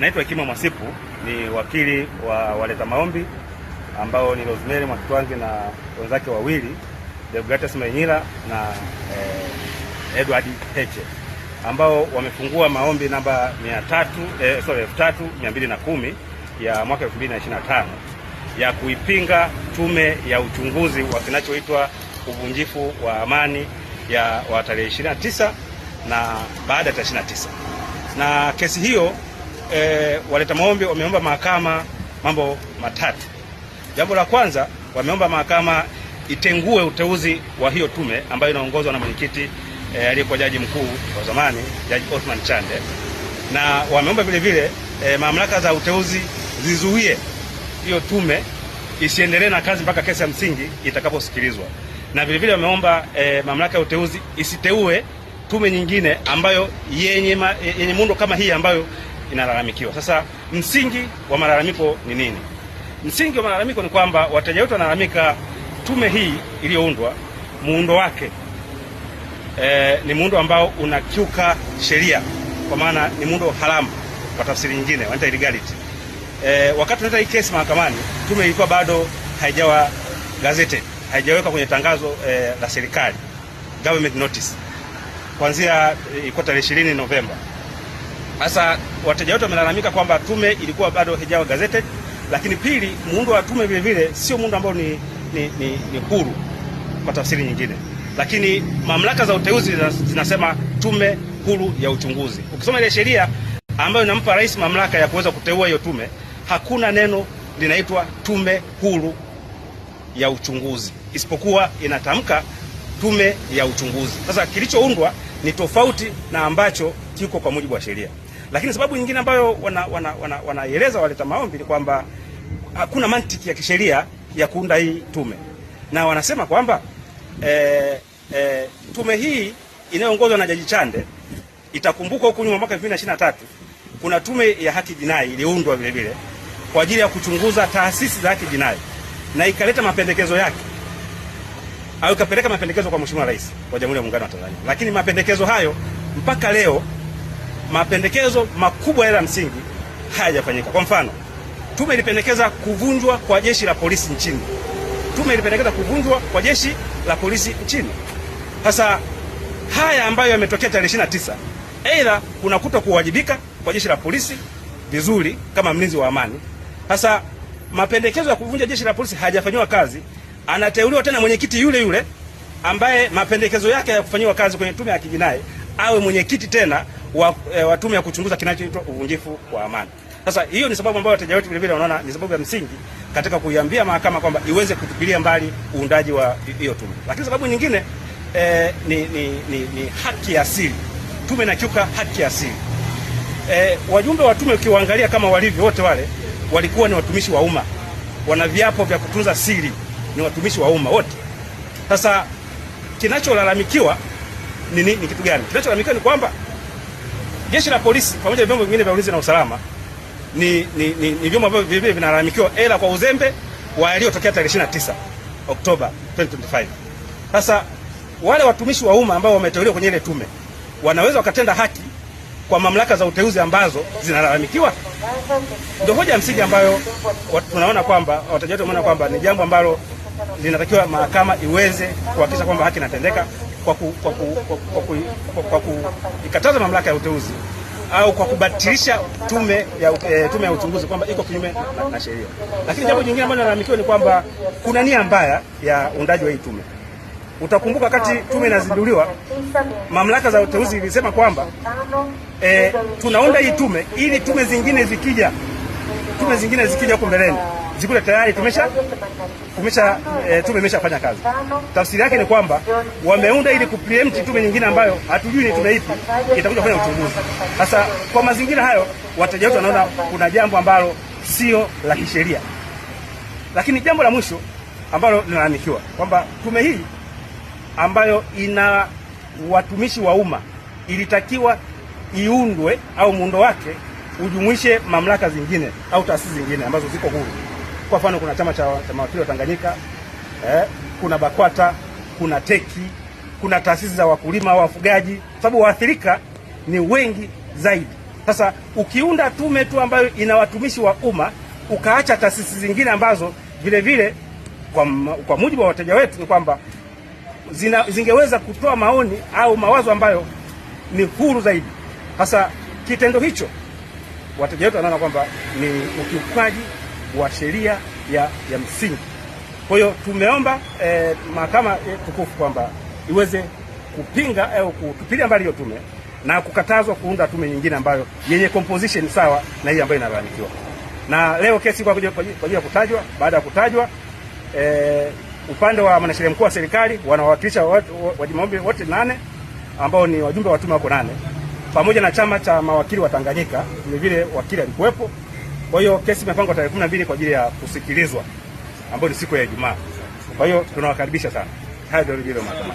Naitwa Hekima Mwasipu, ni wakili wa waleta maombi ambao ni Rosemary Mwakitwangi na wenzake wawili Deogratus Manyila na eh, Edward Heche ambao wamefungua maombi namba 300 eh, sorry kumi ya mwaka 2025 ya kuipinga tume ya uchunguzi wa kinachoitwa uvunjifu wa amani ya wa tarehe 29 na baada ya 29 na kesi hiyo e, waleta maombi wameomba mahakama mambo matatu. Jambo la kwanza wameomba mahakama itengue uteuzi wa hiyo tume ambayo inaongozwa na mwenyekiti e, aliyekuwa jaji mkuu wa zamani Jaji Othman Chande, na wameomba vile vile e, mamlaka za uteuzi zizuie hiyo tume isiendelee na kazi mpaka kesi ya msingi itakaposikilizwa, na vile vile wameomba e, mamlaka ya uteuzi isiteue tume nyingine ambayo yenye, ma, yenye muundo kama hii ambayo inalalamikiwa. Sasa msingi wa malalamiko ni nini? Msingi wa malalamiko ni kwamba wateja wetu wanalalamika tume hii iliyoundwa, muundo wake e, ni muundo ambao unakiuka sheria, kwa maana ni muundo haramu, kwa tafsiri nyingine wanaita illegality. E, wakati tunaleta hii kesi mahakamani, tume ilikuwa bado haijawa gazete, haijawekwa kwenye tangazo e, la serikali, government notice, kuanzia ilikuwa tarehe 20 Novemba sasa wateja wetu wamelalamika kwamba tume ilikuwa bado haijawa gazeted, lakini pili, muundo wa tume vile vile sio muundo ambao ni, ni, ni, ni huru kwa tafsiri nyingine, lakini mamlaka za uteuzi zinasema tume huru ya uchunguzi. Ukisoma ile sheria ambayo inampa rais mamlaka ya kuweza kuteua hiyo tume, hakuna neno linaitwa tume huru ya uchunguzi, isipokuwa inatamka tume ya uchunguzi. Sasa kilichoundwa ni tofauti na ambacho kiko kwa mujibu wa sheria. Lakini sababu nyingine ambayo wanaieleza wana, wana, wana waleta maombi ni kwamba hakuna mantiki ya kisheria ya kuunda hii tume, na wanasema kwamba e, e, tume hii inayoongozwa na Jaji Chande itakumbukwa huko nyuma mwaka 2023 kuna tume ya haki jinai iliyoundwa vile vile kwa ajili ya kuchunguza taasisi za haki jinai na ikaleta mapendekezo yake au ikapeleka mapendekezo kwa Mheshimiwa Rais wa Jamhuri ya Muungano wa Tanzania, lakini mapendekezo hayo mpaka leo mapendekezo makubwa yale ya msingi hayajafanyika. Kwa mfano, tume ilipendekeza kuvunjwa kwa jeshi la polisi nchini. Tume ilipendekeza kuvunjwa kwa jeshi la polisi nchini. Sasa haya ambayo yametokea tarehe 29, aidha kuna kuto kuwajibika kwa jeshi la polisi vizuri kama mlinzi wa amani. Sasa mapendekezo ya kuvunja jeshi la polisi hayajafanyiwa kazi, anateuliwa tena mwenyekiti yule yule ambaye mapendekezo yake hayakufanyiwa kazi kwenye tume ya kijinai awe mwenyekiti tena wa, e, watume ya kuchunguza kinachoitwa uvunjifu wa amani. Sasa hiyo ni sababu ambayo wateja wetu vile vile wanaona ni sababu ya msingi katika kuiambia mahakama kwamba iweze kutupilia mbali uundaji wa hiyo tume. Lakini sababu nyingine e, ni, ni, ni, ni haki ya asili. Tume inakiuka haki ya asili. E, wajumbe wa tume ukiwaangalia kama walivyo wote wale walikuwa ni watumishi wa umma, wana viapo vya kutunza siri, ni watumishi wa umma wote. Sasa kinacholalamikiwa ni, ni, ni kitu gani? Kinacholalamikiwa ni kwamba Jeshi la polisi pamoja na vyombo vingine vya ulinzi na usalama ni ni, ni, ni vyombo ambavyo vile vile vinalalamikiwa ela kwa uzembe wa yaliyotokea tarehe 29 Oktoba 2025. Sasa wale watumishi wa umma ambao wameteuliwa kwenye ile tume wanaweza wakatenda haki kwa mamlaka za uteuzi ambazo zinalalamikiwa? Ndio hoja ya msingi ambayo tunaona kwamba wateja kwamba ni jambo ambalo linatakiwa mahakama iweze kuhakikisha kwamba haki inatendeka kwa kuikataza ku, kwa ku, kwa ku, kwa ku, mamlaka ya uteuzi au kwa kubatilisha tume ya, e, tume ya uchunguzi kwamba iko kinyume na, na sheria. Lakini jambo jingine ambalo nalalamikiwa ni kwamba kuna nia mbaya ya uundaji wa hii tume. Utakumbuka wakati tume inazinduliwa, mamlaka za uteuzi ilisema kwamba e, tunaunda hii tume ili tume zingine zikija, tume zingine zikija huko mbeleni zikule tayari tumesha kumesha e, eh, tume imeshafanya kazi. Tafsiri yake ni kwamba wameunda ili kupreempt tume nyingine ambayo hatujui ni tume ipi itakuja kufanya uchunguzi. Sasa kwa mazingira hayo, wateja wetu wanaona kuna jambo ambalo sio la kisheria. Lakini jambo la mwisho ambalo linaanikiwa kwamba tume hii ambayo ina watumishi wa umma ilitakiwa iundwe au muundo wake ujumuishe mamlaka zingine au taasisi zingine ambazo ziko huru kwa mfano kuna chama cha, cha mawakili wa Tanganyika eh, kuna BAKWATA, kuna teki, kuna taasisi za wakulima au wafugaji, sababu waathirika ni wengi zaidi. Sasa ukiunda tume tu ambayo ina watumishi wa umma ukaacha taasisi zingine ambazo vile vile kwa, kwa mujibu wa wateja wetu ni kwamba zingeweza kutoa maoni au mawazo ambayo ni huru zaidi. Sasa kitendo hicho wateja wetu wanaona kwamba ni ukiukaji wa sheria ya, ya msingi. Kwa hiyo tumeomba eh, mahakama eh, tukufu kwamba iweze kupinga au eh, kutupilia mbali hiyo tume na kukatazwa kuunda tume nyingine ambayo yenye composition sawa na hii ambayo inalalamikiwa. Na leo kesi kwa ajili ya kutajwa, baada ya kutajwa eh, upande wa mwanasheria mkuu wa serikali wanawakilisha wajimaombi wote nane ambao ni wajumbe wa tume wako nane pamoja na chama cha mawakili wa Tanganyika, vile vile wakili alikuwepo. Kwa hiyo kesi imepangwa tarehe 12 kwa ajili ya kusikilizwa ambayo ni siku ya Ijumaa. Kwa hiyo tunawakaribisha sana. haya ndio mahakamani.